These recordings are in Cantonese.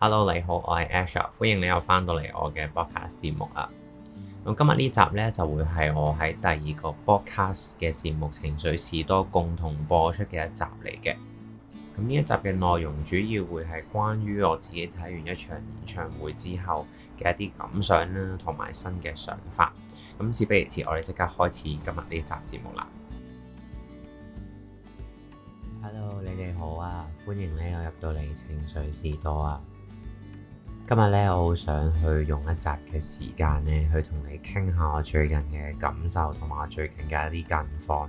Hello，你好，我係 Asher，歡迎你又翻到嚟我嘅 Podcast 節目啊。咁今日呢集呢，就會係我喺第二個 Podcast 嘅節目情緒士多共同播出嘅一集嚟嘅。咁呢一集嘅內容主要會係關於我自己睇完一場演唱會之後嘅一啲感想啦，同埋新嘅想法。咁事不宜遲，我哋即刻開始今日呢一集節目啦。Hello，你哋好啊，歡迎你又入到嚟情緒士多啊。今日咧，我好想去用一集嘅時間咧，去同你傾下我最近嘅感受同埋我最近嘅一啲近況。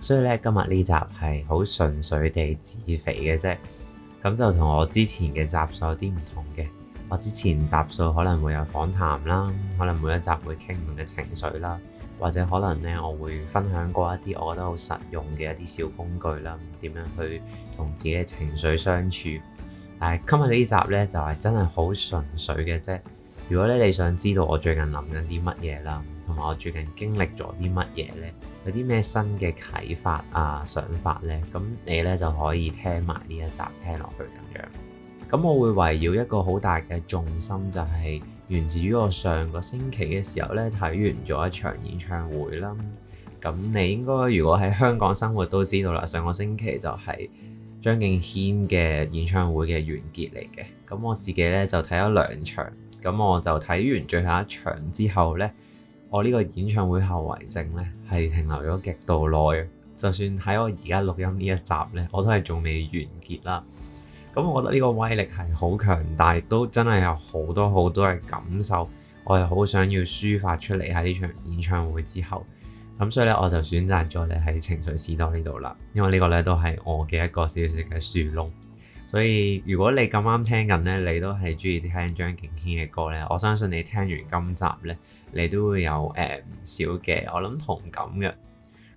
所以咧，今日呢集係好純粹地自肥嘅啫。咁就同我之前嘅集數有啲唔同嘅。我之前集數可能會有訪談啦，可能每一集會傾唔同嘅情緒啦，或者可能呢，我會分享過一啲我覺得好實用嘅一啲小工具啦，點樣去同自己嘅情緒相處。誒，今日呢集呢，就係真係好純粹嘅啫。如果咧你想知道我最近諗緊啲乜嘢啦，同埋我最近經歷咗啲乜嘢呢，有啲咩新嘅啟發啊想法呢，咁你呢就可以聽埋呢一集聽落去咁樣。咁我會圍繞一個好大嘅重心，就係源自於我上個星期嘅時候呢，睇完咗一場演唱會啦。咁你應該如果喺香港生活都知道啦，上個星期就係。張敬軒嘅演唱會嘅完結嚟嘅，咁我自己呢，就睇咗兩場，咁我就睇完最後一場之後呢，我呢個演唱會後遺症呢，係停留咗極度耐，就算喺我而家錄音呢一集呢，我都係仲未完結啦。咁我覺得呢個威力係好強大，但都真係有好多好多嘅感受，我係好想要抒發出嚟喺呢場演唱會之後。咁所以咧，我就選擇咗你喺情緒士多呢度啦，因為個呢個咧都係我嘅一個小小嘅樹窿。所以如果你咁啱聽緊咧，你都係中意聽張敬軒嘅歌咧，我相信你聽完今集咧，你都會有誒唔、呃、少嘅我諗同感嘅。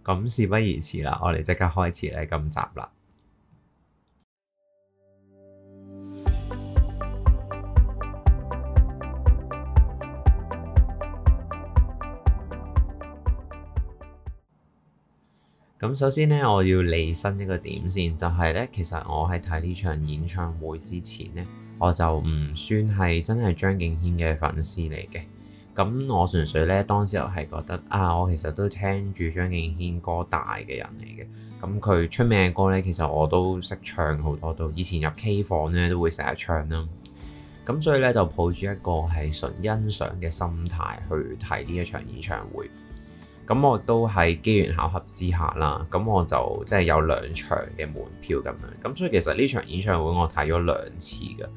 咁事不宜遲啦，我哋即刻開始咧今集啦。咁首先咧，我要理身一個點先，就係咧，其實我喺睇呢場演唱會之前咧，我就唔算係真係張敬軒嘅粉絲嚟嘅。咁我純粹咧，當時我係覺得啊，我其實都聽住張敬軒歌大嘅人嚟嘅。咁佢出名嘅歌咧，其實我都識唱好多，都以前入 K 房咧都會成日唱啦。咁所以咧，就抱住一個係純欣賞嘅心態去睇呢一場演唱會。咁我都係機緣巧合之下啦，咁我就即係有兩場嘅門票咁樣，咁所以其實呢場演唱會我睇咗兩次㗎。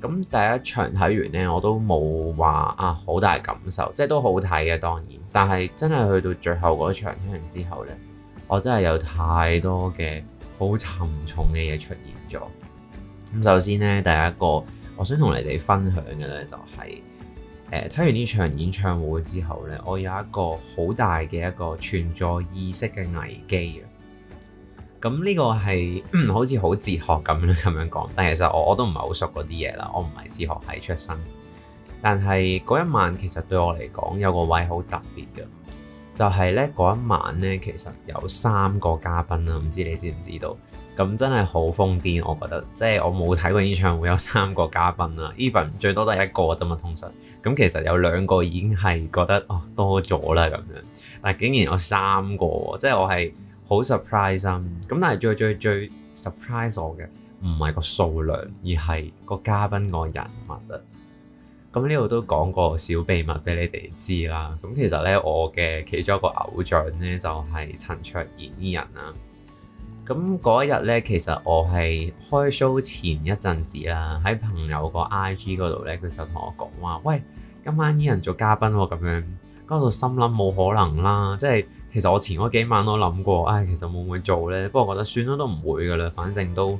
咁第一場睇完呢，我都冇話啊好大感受，即係都好睇嘅，啊，當然，但係真係去到最後嗰場聽完之後呢，我真係有太多嘅好沉重嘅嘢出現咗。咁首先呢，第一個我想同你哋分享嘅呢，就係，就係。誒睇、呃、完呢場演唱會之後呢，我有一個好大嘅一個存在主義嘅危機啊！咁呢個係、呃、好似好哲學咁樣咁樣講，但係其實我我都唔係好熟嗰啲嘢啦，我唔係哲學系出身。但係嗰一晚其實對我嚟講有個位好特別嘅，就係、是、呢嗰一晚呢，其實有三個嘉賓啦，唔知你知唔知道？咁真係好瘋癲，我覺得即係我冇睇過演唱會有三個嘉賓啦。Even 最多都係一個啫嘛，通常。咁其實有兩個已經係覺得哦多咗啦咁樣，但係竟然有三個，即係我係好 surprise。咁但係最最最 surprise 我嘅唔係個數量，而係個嘉賓個人物啊。咁呢度都講個小秘密俾你哋知啦。咁其實呢，我嘅其中一個偶像呢，就係、是、陳卓賢呢人啦、啊。咁嗰日咧，其實我係開 show 前一陣子啦，喺朋友個 IG 嗰度咧，佢就同我講話，喂，今晚呢人做嘉賓喎，咁樣。嗰度心諗冇可能啦，即係其實我前嗰幾晚都諗過，唉，其實會唔會做咧？不過我覺得算啦，都唔會噶啦，反正都誒、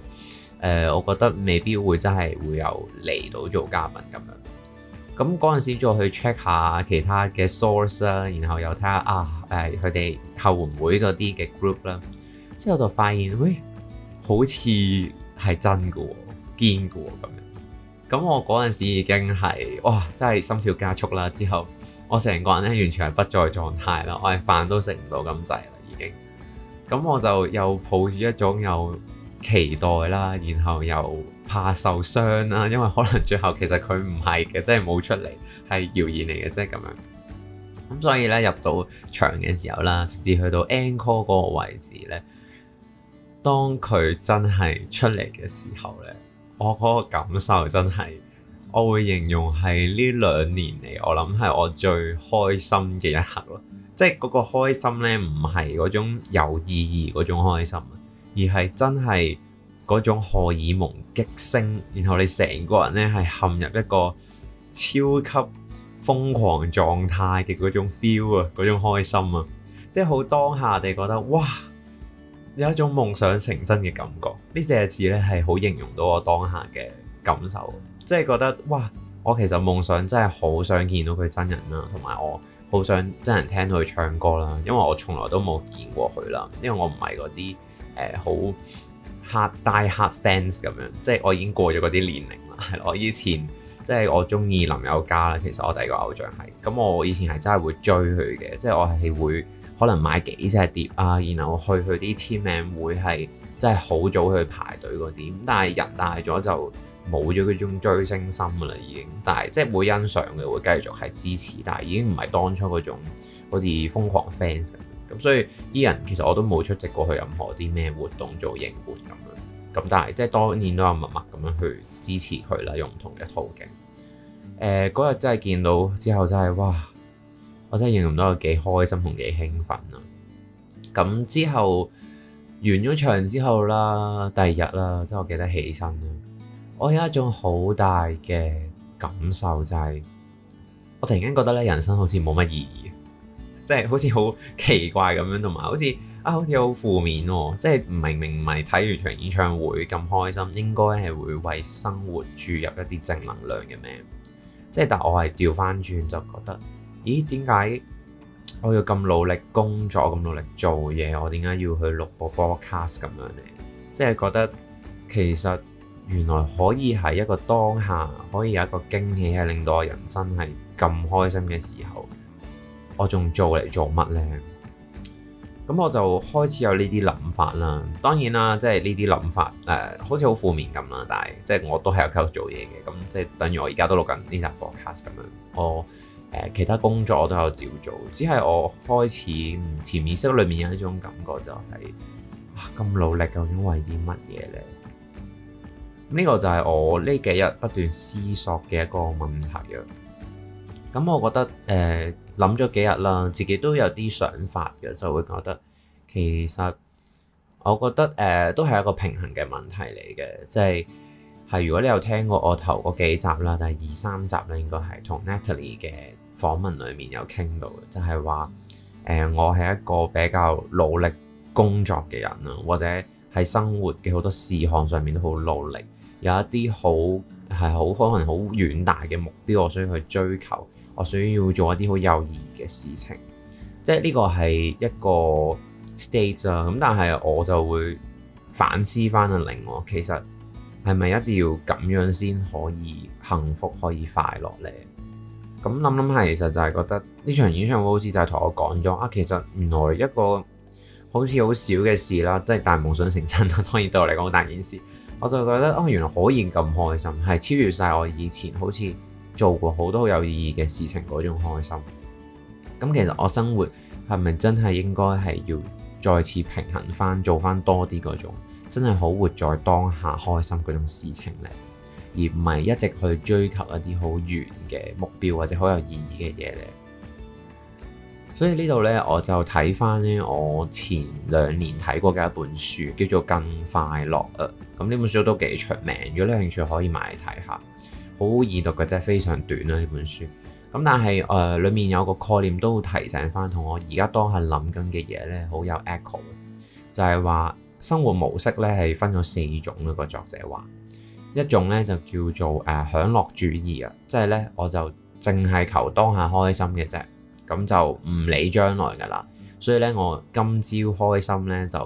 呃，我覺得未必會真係會有嚟到做嘉賓咁樣。咁嗰陣時再去 check 下其他嘅 source 啦，然後又睇下啊，誒、呃，佢哋後援會嗰啲嘅 group 啦。之後就發現，喂、哎，好似係真噶、哦，堅噶咁樣。咁我嗰陣時已經係，哇，真係心跳加速啦。之後我成個人咧完全係不在狀態啦，我係飯都食唔到咁滯啦，已經。咁我就又抱住一種又期待啦，然後又怕受傷啦，因為可能最後其實佢唔係嘅，即係冇出嚟，係謠言嚟嘅，即係咁樣。咁所以咧，入到場嘅時候啦，直至去到 encore 嗰個位置咧。當佢真係出嚟嘅時候呢，我嗰個感受真係，我會形容係呢兩年嚟，我諗係我最開心嘅一刻咯。即係嗰個開心呢，唔係嗰種有意義嗰種開心，而係真係嗰種荷爾蒙激升，然後你成個人呢，係陷入一個超級瘋狂狀態嘅嗰種 feel 啊，嗰種開心啊，即係好當下你覺得哇！有一種夢想成真嘅感覺，呢四隻字咧係好形容到我當下嘅感受，即係覺得哇，我其實夢想真係好想見到佢真人啦，同埋我好想真人聽到佢唱歌啦，因為我從來都冇見過佢啦，因為我唔係嗰啲誒好黑大黑 fans 咁樣，即係我已經過咗嗰啲年齡啦。係我以前即係我中意林宥嘉啦，其實我第一個偶像係，咁我以前係真係會追佢嘅，即係我係會。可能買幾隻碟啊，然後去佢啲簽名會係真係好早去排隊嗰啲，但係人大咗就冇咗嗰種追星心噶啦，已經。但係即係會欣賞嘅，會繼續係支持，但係已經唔係當初嗰種嗰啲瘋狂 fans。咁所以依人其實我都冇出席過去任何啲咩活動做應援咁樣，咁但係即係當年都有默默咁樣去支持佢啦，用唔同嘅途徑。誒、呃，嗰日真係見到之後真係哇！我真係形容到佢幾開心同幾興奮啊。咁之後完咗場之後啦，第二日啦，即係我記得起身啦，我有一種好大嘅感受，就係我突然間覺得咧，人生好似冇乜意義，即係好似好奇怪咁樣，同埋好似啊，好似好負面喎！即係明明唔係睇完場演唱會咁開心，應該係會為生活注入一啲正能量嘅咩？即係但我係調翻轉就覺得。咦？點解我要咁努力工作咁努力做嘢？我點解要去錄個 podcast 咁樣呢？即係覺得其實原來可以係一個當下，可以有一個驚喜，係令到我人生係咁開心嘅時候，我仲做嚟做乜呢？咁我就開始有呢啲諗法啦。當然啦，即係呢啲諗法誒、呃，好似好負面咁啦。但係即係我都係有繼續做嘢嘅。咁即係等於我而家都錄緊呢集 podcast 咁樣。我誒其他工作我都有照做，只係我開始潛意識裏面有一種感覺，就是，就係咁努力究竟為啲乜嘢呢？呢、嗯這個就係我呢幾日不斷思索嘅一個問題啊！咁、嗯、我覺得誒諗咗幾日啦，自己都有啲想法嘅，就會覺得其實我覺得誒、呃、都係一個平衡嘅問題嚟嘅，即係係如果你有聽過我頭嗰幾集啦，第二三集啦，應該係同 Natalie 嘅。訪問裡面有傾到嘅，就係話誒，我係一個比較努力工作嘅人啦，或者喺生活嘅好多事項上面都好努力，有一啲好係好可能好遠大嘅目標，我需要去追求，我需要做一啲好有意義嘅事情，即係呢個係一個 state 啊。咁但係我就會反思翻啊，令我其實係咪一定要咁樣先可以幸福、可以快樂呢？咁諗諗下，其實就係覺得呢場演唱會好似就係同我講咗啊，其實原來一個好似好少嘅事啦，即係大係夢想成真啦，當然對我嚟講好大件事。我就覺得啊，原來可以咁開心，係超越晒我以前好似做過好多好有意義嘅事情嗰種開心。咁其實我生活係咪真係應該係要再次平衡翻，做翻多啲嗰種真係好活在當下開心嗰種事情呢？而唔係一直去追求一啲好遠嘅目標或者好有意義嘅嘢咧，所以呢度呢，我就睇翻呢我前兩年睇過嘅一本書，叫做《更快樂》啊。咁呢本書都幾出名，如果你興趣可以買嚟睇下，好易讀嘅真係，非常短啦呢、啊、本書。咁但係誒、呃，裡面有個概念都提醒翻，同我而家當下諗緊嘅嘢呢，好有 echo，就係、是、話生活模式呢，係分咗四種嘅，嗰個作者話。一種咧就叫做誒享樂主義啊，即係咧我就淨係求當下開心嘅啫，咁就唔理將來㗎啦。所以咧我今朝開心咧就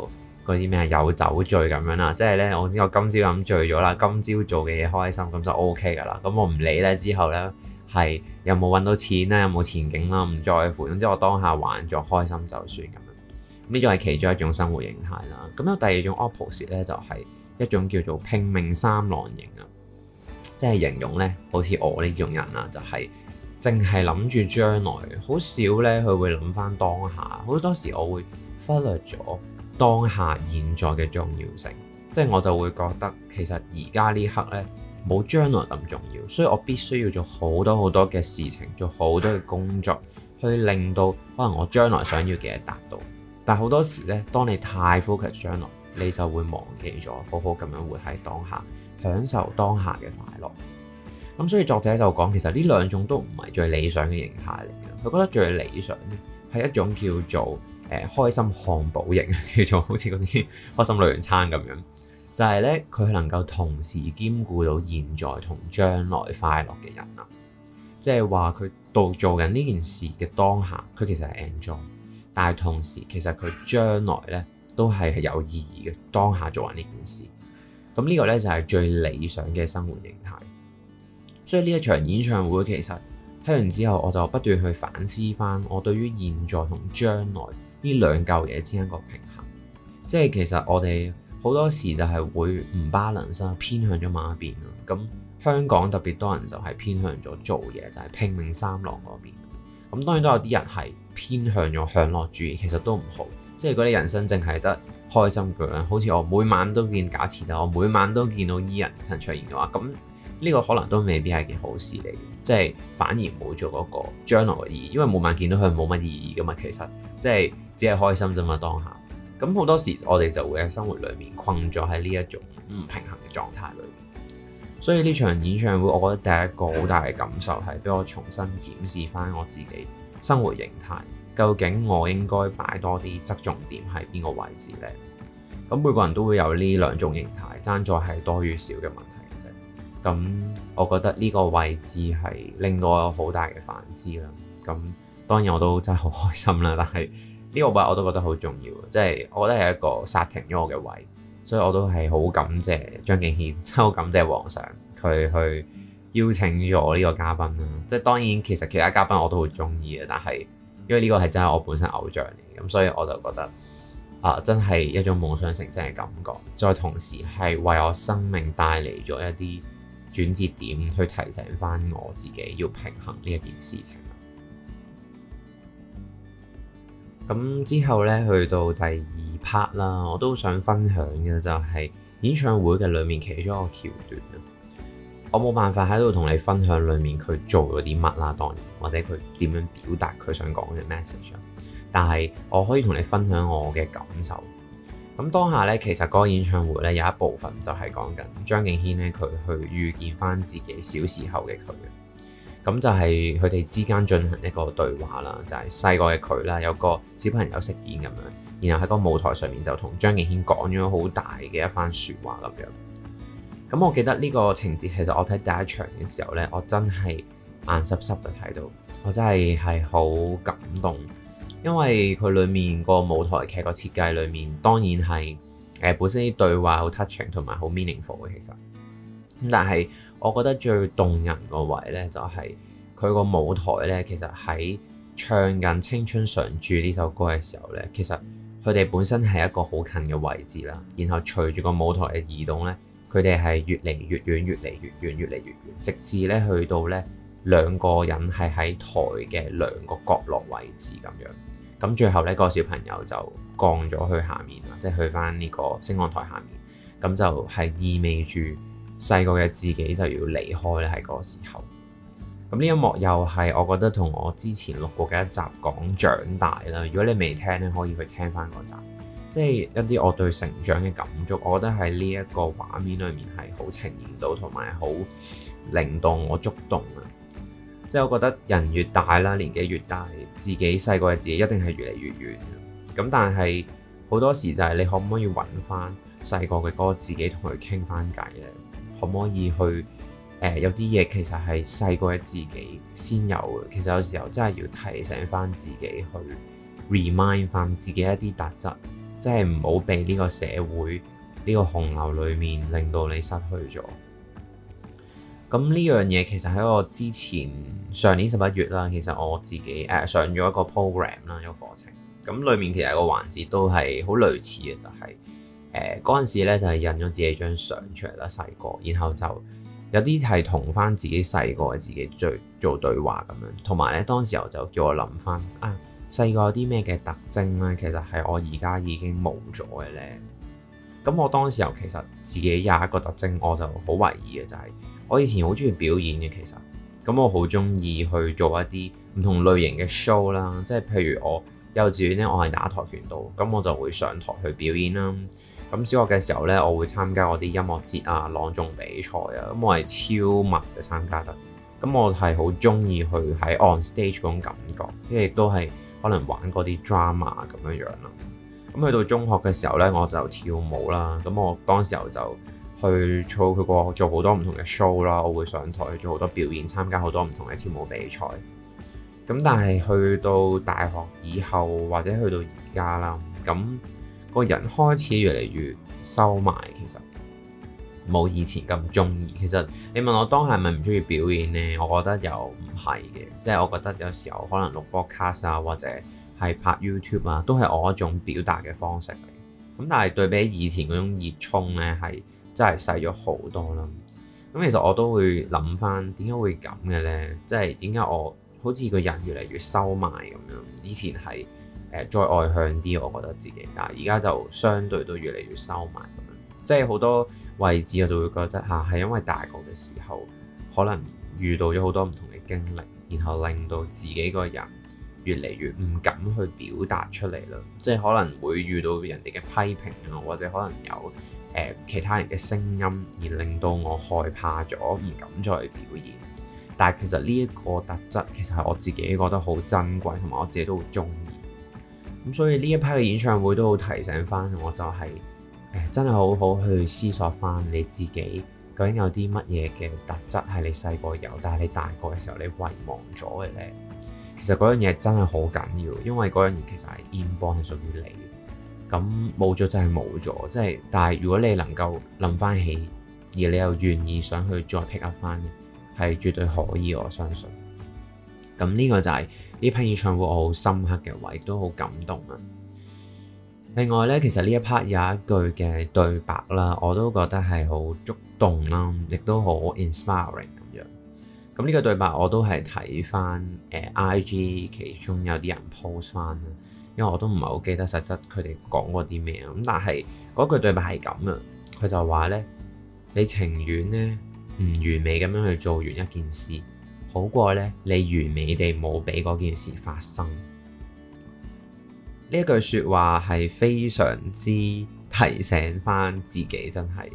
嗰啲咩有酒醉咁樣啦，即係咧我知我今朝飲醉咗啦，今朝做嘅嘢開心，咁就 O K 㗎啦。咁我唔理咧之後咧係有冇揾到錢咧，有冇前景啦，唔在乎。總之我當下玩咗開心就算咁樣。呢種係其中一種生活形態啦。咁有第二種 opposite 咧就係、是。一種叫做拼命三郎型啊，即係形容呢，好似我呢種人啊，就係淨係諗住將來，好少呢，佢會諗翻當下。好多時我會忽略咗當下現在嘅重要性，即係我就會覺得其實而家呢刻呢，冇將來咁重要，所以我必須要做好多好多嘅事情，做好多嘅工作，去令到可能我將來想要嘅嘢達到。但好多時呢，當你太 focus 將來。你就會忘記咗好好咁樣活喺當下，享受當下嘅快樂。咁所以作者就講，其實呢兩種都唔係最理想嘅形態嚟嘅。佢覺得最理想咧係一種叫做誒、呃、開心漢堡型，叫做好似嗰啲開心旅遊餐咁樣，就係咧佢能夠同時兼顧到現在同將來快樂嘅人啦。即係話佢到做緊呢件事嘅當下，佢其實係 enjoy，但係同時其實佢將來咧。都係有意義嘅，當下做完呢件事，咁呢個咧就係最理想嘅生活形態。所以呢一場演唱會其實聽完之後，我就不斷去反思翻我對於現在同將來呢兩舊嘢之間個平衡。即係其實我哋好多時就係會唔巴倫偏向咗某一邊咯。咁香港特別多人就係偏向咗做嘢，就係拼命三郎嗰邊。咁當然都有啲人係偏向咗享樂主義，其實都唔好。即係嗰啲人生淨係得開心咁樣，好似我每晚都見，假設但我每晚都見到 Ian 陳卓賢嘅話，咁呢個可能都未必係件好事嚟，即係反而冇做一個將來嘅意義，因為每晚見到佢冇乜意義噶嘛，其實即係只係開心啫嘛當下。咁好多時我哋就會喺生活裏面困咗喺呢一種唔平衡嘅狀態裏面。所以呢場演唱會，我覺得第一個好大嘅感受係俾我重新檢視翻我自己生活形態。究竟我應該擺多啲側重點喺邊個位置呢？咁每個人都會有呢兩種形態，爭在係多與少嘅問題啫。咁我覺得呢個位置係令到我好大嘅反思啦。咁當然我都真係好開心啦，但係呢個位我都覺得好重要，即係我覺得係一個殺停咗我嘅位，所以我都係好感謝張敬軒，真係好感謝皇上佢去邀請咗我呢個嘉賓啦。即係當然其實其他嘉賓我都好中意嘅，但係因為呢個係真係我本身偶像嚟，咁所以我就覺得啊，真係一種夢想成真嘅感覺。再同時係為我生命帶嚟咗一啲轉折點，去提醒翻我自己要平衡呢一件事情啦。咁之後呢，去到第二 part 啦，我都想分享嘅就係演唱會嘅裏面其中一個橋段。我冇辦法喺度同你分享裡面佢做咗啲乜啦，當然，或者佢點樣表達佢想講嘅 message。但係我可以同你分享我嘅感受。咁當下呢，其實嗰個演唱會呢，有一部分就係講緊張敬軒呢，佢去遇見翻自己小時候嘅佢。咁就係佢哋之間進行一個對話啦，就係細個嘅佢啦，有個小朋友飾演咁樣，然後喺個舞台上面就同張敬軒講咗好大嘅一番説話咁樣。咁我記得呢個情節，其實我睇第一場嘅時候呢，我真係眼濕濕嘅睇到，我真係係好感動，因為佢裏面個舞台劇個設計裏面，當然係誒、呃、本身啲對話好 touching 同埋好 meaningful 嘅，其實。但係我覺得最動人個位呢，就係佢個舞台呢其實喺唱緊《青春常駐》呢首歌嘅時候呢，其實佢哋本身係一個好近嘅位置啦，然後隨住個舞台嘅移動呢。佢哋係越嚟越遠，越嚟越遠，越嚟越遠，直至咧去到咧兩個人係喺台嘅兩個角落位置咁樣。咁最後咧個小朋友就降咗去下面啦，即係去翻呢個升降台下面。咁就係意味住細個嘅自己就要離開咧，喺嗰時候。咁呢一幕又係我覺得同我之前錄過嘅一集講長大啦。如果你未聽咧，可以去聽翻嗰集。即係一啲我對成長嘅感觸，我覺得喺呢一個畫面裏面係好呈現到，同埋好令到我觸動啊！即係我覺得人越大啦，年紀越大，自己細個嘅自己一定係越嚟越遠咁。但係好多時就係你可唔可以揾翻細個嘅嗰個自己，同佢傾翻偈咧？可唔可以去誒、呃？有啲嘢其實係細個嘅自己先有嘅。其實有時候真係要提醒翻自己去 remind 翻自己一啲特質。即係唔好畀呢個社會呢、呢個洪流裡面令到你失去咗。咁呢樣嘢其實喺我之前上年十一月啦，其實我自己誒、呃、上咗一個 program 啦，有個課程。咁裡面其實個環節都係好類似嘅，就係誒嗰陣時呢就係印咗自己張相出嚟啦，細個，然後就有啲係同翻自己細個嘅自己做做對話咁樣，同埋呢，當時候就叫我諗翻啊。細個有啲咩嘅特徵呢？其實係我而家已經冇咗嘅呢，咁我當時候其實自己有一個特徵，我就好懷疑嘅就係、是、我以前好中意表演嘅。其實咁我好中意去做一啲唔同類型嘅 show 啦，即係譬如我幼稚園呢，我係打跆拳道，咁我就會上台去表演啦。咁小學嘅時候呢，我會參加我啲音樂節啊、朗誦比賽啊，咁我係超密嘅參加得。咁我係好中意去喺 on stage 嗰種感覺，因為都係。可能玩嗰啲 drama 咁樣樣啦，咁去到中學嘅時候呢，我就跳舞啦，咁我當時候就去，去做佢個做好多唔同嘅 show 啦，我會上台做好多表演，參加好多唔同嘅跳舞比賽。咁但係去到大學以後，或者去到而家啦，咁個人開始越嚟越收埋，其實。冇以前咁中意，其實你問我當下係咪唔中意表演呢？我覺得又唔係嘅，即係我覺得有時候可能錄 Podcast 啊，或者係拍 YouTube 啊，都係我一種表達嘅方式嚟。咁但係對比以前嗰種熱衷呢，係真係細咗好多啦。咁其實我都會諗翻點解會咁嘅呢？即係點解我好似個人越嚟越收埋咁樣？以前係誒、呃、再外向啲，我覺得自己，但係而家就相對都越嚟越收埋咁樣，即係好多。位置我就會覺得嚇，係、啊、因為大個嘅時候，可能遇到咗好多唔同嘅經歷，然後令到自己個人越嚟越唔敢去表達出嚟啦。即係可能會遇到人哋嘅批評啊，或者可能有、呃、其他人嘅聲音，而令到我害怕咗，唔敢再表演。但係其實呢一個特質，其實係我自己覺得好珍貴，同埋我自己都好中意。咁所以呢一批嘅演唱會都好提醒翻，我就係。真係好好去思索翻你自己究竟有啲乜嘢嘅特質係你細個有，但係你大個嘅時候你遺忘咗嘅咧。其實嗰樣嘢真係好緊要，因為嗰樣嘢其實係 inborn 係屬於你。咁冇咗真係冇咗，即係。但係如果你能夠諗翻起，而你又願意想去再 pick up 翻嘅，係絕對可以，我相信。咁呢個就係呢批演唱會我好深刻嘅位，都好感動啊！另外呢，其實呢一 part 有一句嘅對白啦，我都覺得係好觸動啦，亦都好 inspiring 咁樣。咁呢個對白我都係睇翻誒 IG 其中有啲人 post 翻啦，因為我都唔係好記得實質佢哋講過啲咩啊。咁但係嗰句對白係咁啊，佢就話呢，你情願呢唔完美咁樣去做完一件事，好過呢你完美地冇俾嗰件事發生。呢句説話係非常之提醒翻自己，真係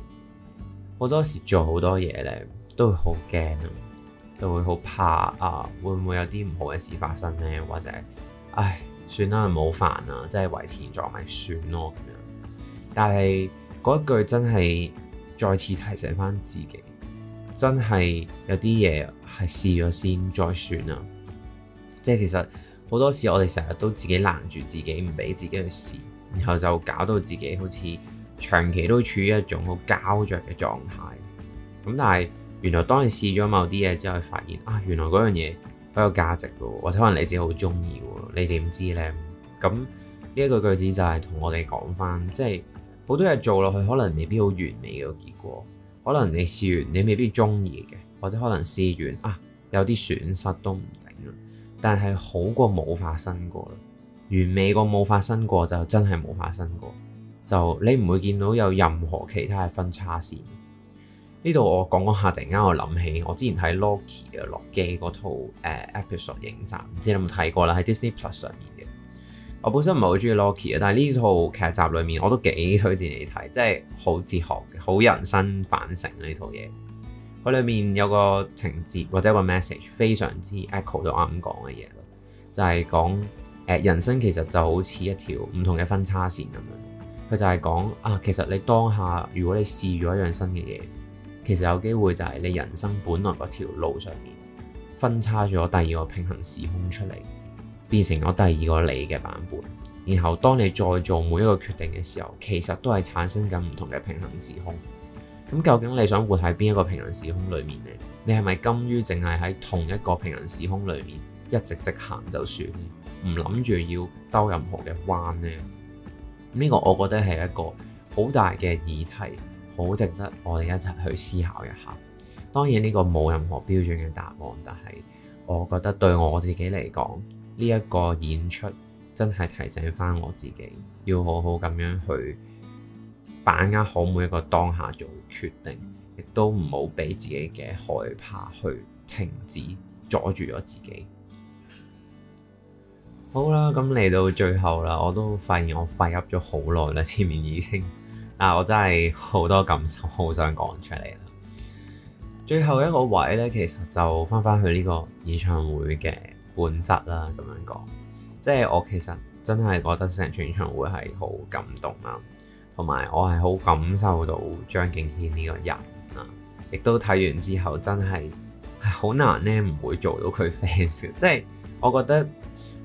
好多時做好多嘢咧，都會好驚啊，就會好怕啊，會唔會有啲唔好嘅事發生咧？或者，唉，算啦，冇煩啦，即係維持咗咪算咯咁樣。但係嗰一句真係再次提醒翻自己，真係有啲嘢係試咗先再算啊！即係其實。好多時我哋成日都自己攔住自己，唔俾自己去試，然後就搞到自己好似長期都處於一種好膠着嘅狀態。咁但係原來當你試咗某啲嘢之後，你發現啊原來嗰樣嘢好有價值嘅，或者可能你自己好中意嘅，你點知呢？咁呢一個句子就係同我哋講翻，即係好多嘢做落去，可能未必好完美嘅個結果，可能你試完你未必中意嘅，或者可能試完啊有啲損失都唔～但係好過冇發生過啦，完美過冇發生過就真係冇發生過，就你唔會見到有任何其他嘅分叉線。呢度我講講下，突然間我諗起我之前睇 Loki 嘅落機嗰套誒 episode 影集，唔知你有冇睇過啦？喺 Disney+ 上面嘅。我本身唔係好鍾意 Loki 嘅，但係呢套劇集裡面我都幾推薦你睇，即係好哲學嘅，好人生反省嘅呢套嘢。佢裏面有個情節或者個 message 非常之 echo 咗我啱啱講嘅嘢，就係講人生其實就好似一條唔同嘅分叉線咁樣。佢就係講啊，其實你當下如果你試咗一樣新嘅嘢，其實有機會就係你人生本來嗰條路上面分叉咗第二個平衡時空出嚟，變成咗第二個你嘅版本。然後當你再做每一個決定嘅時候，其實都係產生緊唔同嘅平衡時空。咁究竟你想活喺邊一個平行時空裏面呢？你係咪甘於淨係喺同一個平行時空裏面一直直行就算，唔諗住要兜任何嘅彎呢？呢個我覺得係一個好大嘅議題，好值得我哋一齊去思考一下。當然呢個冇任何標準嘅答案，但係我覺得對我自己嚟講，呢一個演出真係提醒翻我自己要好好咁樣去。把握好每一個當下做決定，亦都唔好俾自己嘅害怕去停止，阻住咗自己。好啦，咁嚟到最後啦，我都發現我廢噏咗好耐啦，前面已經啊，我真係好多感受，好想講出嚟啦。最後一個位呢，其實就返返去呢個演唱會嘅本質啦，咁樣講，即係我其實真係覺得成場演唱會係好感動啦。同埋我係好感受到張敬軒呢個人啊，亦都睇完之後真係好難咧，唔會做到佢 fans。即係我覺得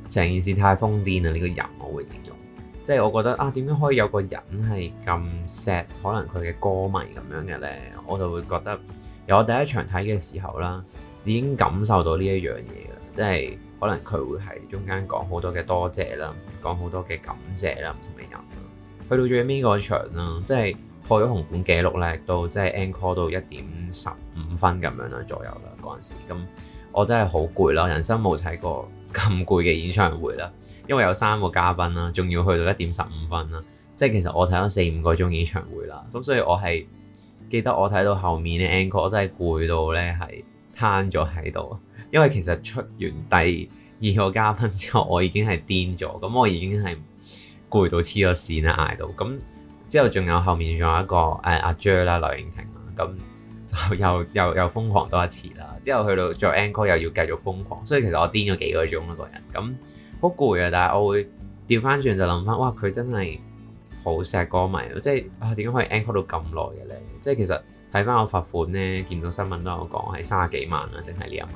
成件事太瘋癲啦！呢個人我會形容，即係我覺得啊，點解可以有個人係咁 sad，可能佢嘅歌迷咁樣嘅呢？我就會覺得由我第一場睇嘅時候啦，已經感受到呢一樣嘢啦。即係可能佢會喺中間講好多嘅多謝啦，講好多嘅感謝啦，唔同嘅人。去到最尾嗰場啦，即係破咗紅館紀錄咧，都即到即係 encore 到一點十五分咁樣啦，左右啦嗰陣時。咁我真係好攰啦，人生冇睇過咁攰嘅演唱會啦。因為有三個嘉賓啦，仲要去到一點十五分啦。即係其實我睇咗四五個鐘演唱會啦，咁所以我係記得我睇到後面嘅 encore 真係攰到咧，係攤咗喺度。因為其實出完第二個嘉賓之後，我已經係癲咗，咁我已經係。攰到黐咗線啊！捱到咁之後，仲有後面仲有一個誒阿 j 啦、劉英婷啦，咁就又又又瘋狂多一次啦。之後去到再 encore 又要繼續瘋狂，所以其實我癲咗幾個鐘一個人咁好攰啊。但係我會調翻轉就諗翻，哇！佢真係好錫歌迷，即係啊點解可以 encore 到咁耐嘅咧？即係其實睇翻我罰款咧，見到新聞都有講係三十幾萬啦，淨係呢一晚。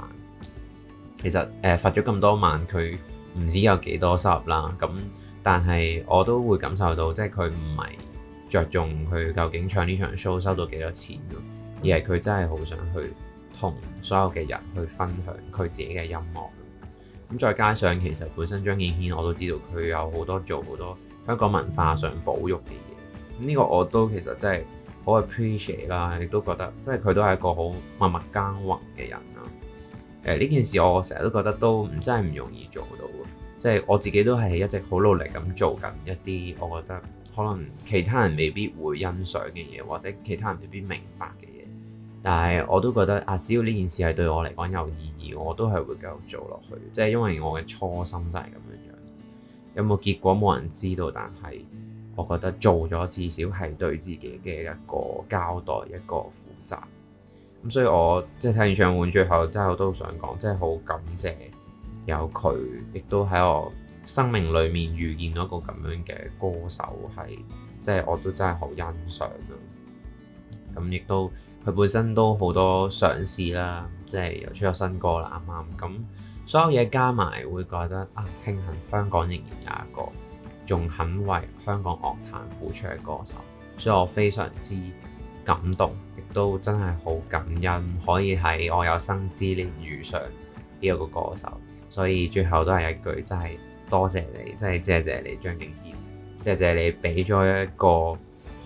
其實誒、呃、罰咗咁多萬，佢唔知有幾多收入啦。咁但係我都會感受到，即係佢唔係着重佢究竟唱呢場 show 收到幾多錢，而係佢真係好想去同所有嘅人去分享佢自己嘅音樂。咁、嗯、再加上其實本身張敬軒我都知道佢有好多做好多香港文化上保育嘅嘢，呢、呢個我都其實真係好 appreciate 啦，亦都覺得即係佢都係一個好默默耕耘嘅人啦。呢件事我成日都覺得都唔真係唔容易做到。即係我自己都係一直好努力咁做緊一啲我覺得可能其他人未必會欣賞嘅嘢，或者其他人未必明白嘅嘢。但係我都覺得啊，只要呢件事係對我嚟講有意義，我都係會繼續做落去。即係因為我嘅初心就係咁樣樣。有冇結果冇人知道，但係我覺得做咗至少係對自己嘅一個交代，一個負責。咁、嗯、所以我即係睇完演唱會，最後真係我都好想講，即係好感謝。有佢，亦都喺我生命裏面遇見咗一個咁樣嘅歌手，係即係我都真係好欣賞啦。咁亦都佢本身都好多嘗試啦，即係又出咗新歌啦，啱啱咁所有嘢加埋會覺得啊，慶幸香港仍然有一個仲肯為香港樂壇付出嘅歌手，所以我非常之感動，亦都真係好感恩，可以喺我有生之年遇上呢個個歌手。所以最後都係一句，真係多謝你，真係謝謝你張敬軒，謝謝你俾咗一個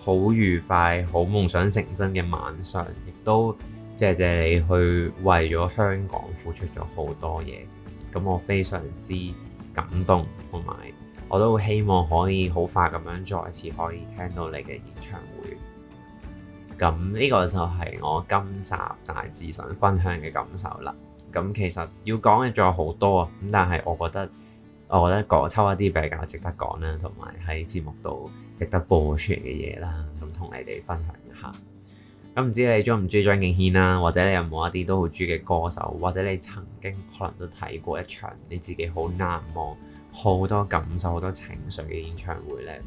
好愉快、好夢想成真嘅晚上，亦都謝謝你去為咗香港付出咗好多嘢。咁我非常之感動，同埋我都希望可以好快咁樣再次可以聽到你嘅演唱會。咁呢個就係我今集大致想分享嘅感受啦。咁其實要講嘅仲有好多啊，咁但係我覺得，我覺得講抽一啲比較值得講啦，同埋喺節目度值得播出嚟嘅嘢啦，咁同你哋分享一下。咁唔知你中唔中意張敬軒啦，或者你有冇一啲都好中意嘅歌手，或者你曾經可能都睇過一場你自己好難忘、好多感受、好多情緒嘅演唱會咧？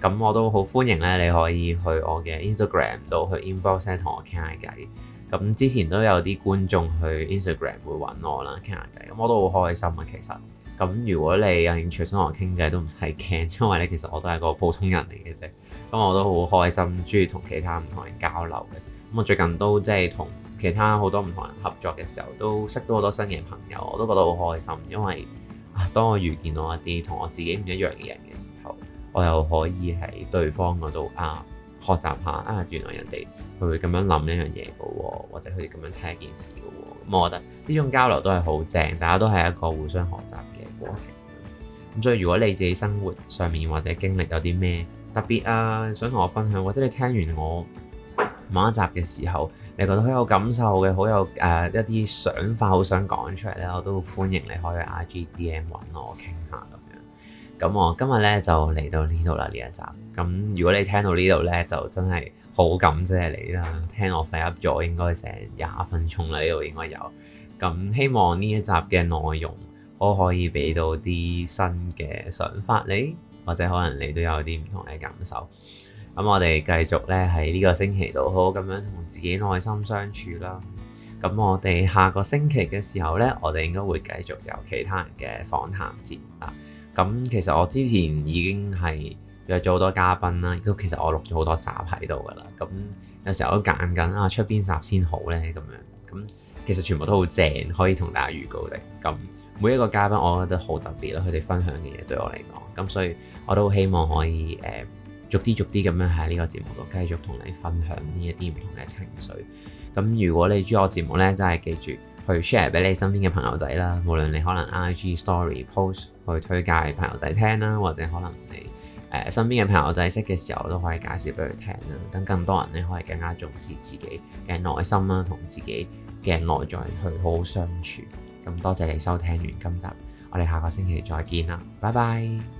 咁我都好歡迎咧，你可以去我嘅 Instagram 度去 inbox 同我傾下偈。咁之前都有啲觀眾去 Instagram 會揾我啦傾下偈，咁我都好開心啊其實。咁如果你有興趣想同我傾偈都唔使驚，因為呢其實我都係個普通人嚟嘅啫。咁我都好開心，鍾意同其他唔同人交流嘅。咁我最近都即係同其他好多唔同人合作嘅時候，都識到好多新嘅朋友，我都覺得好開心，因為啊，當我遇見到一啲同我自己唔一樣嘅人嘅時候，我又可以喺對方嗰度啊學習下啊，原來人哋。佢會咁樣諗一樣嘢嘅喎，或者佢哋咁樣聽一件事嘅喎，咁、嗯、我覺得呢種交流都係好正，大家都係一個互相學習嘅過程。咁、嗯、所以如果你自己生活上面或者經歷有啲咩特別啊，想同我分享，或者你聽完我某一集嘅時候，你覺得好有感受嘅，好有誒、呃、一啲想法，好想講出嚟咧，我都歡迎你可以去 I G D M 揾我傾下咁樣。咁我今日咧就嚟到呢度啦呢一集。咁如果你聽到呢度咧，就真係～好感謝你啦！聽我費噏咗，應該成廿分鐘啦，呢度應該有。咁希望呢一集嘅內容，可可以俾到啲新嘅想法你，或者可能你都有啲唔同嘅感受。咁我哋繼續咧喺呢個星期度，好咁樣同自己內心相處啦。咁我哋下個星期嘅時候呢，我哋應該會繼續有其他人嘅訪談節目啦。咁其實我之前已經係～約咗好多嘉賓啦，都其實我錄咗好多集喺度噶啦。咁有時候我都揀緊啊，出邊集先好咧咁樣。咁其實全部都好正，可以同大家預告的。咁每一個嘉賓，我覺得好特別咯。佢哋分享嘅嘢對我嚟講，咁所以我都希望可以誒、嗯、逐啲逐啲咁樣喺呢個節目度繼續同你分享呢一啲唔同嘅情緒。咁如果你鍾意我節目咧，真係記住去 share 俾你身邊嘅朋友仔啦。無論你可能 I G Story post 去推介朋友仔聽啦，或者可能你。誒，身邊嘅朋友仔識嘅時候，我都可以介紹俾佢聽啦。等更多人咧，可以更加重視自己嘅內心啦，同自己嘅內在去好好相處。咁多謝你收聽完今集，我哋下個星期再見啦，拜拜。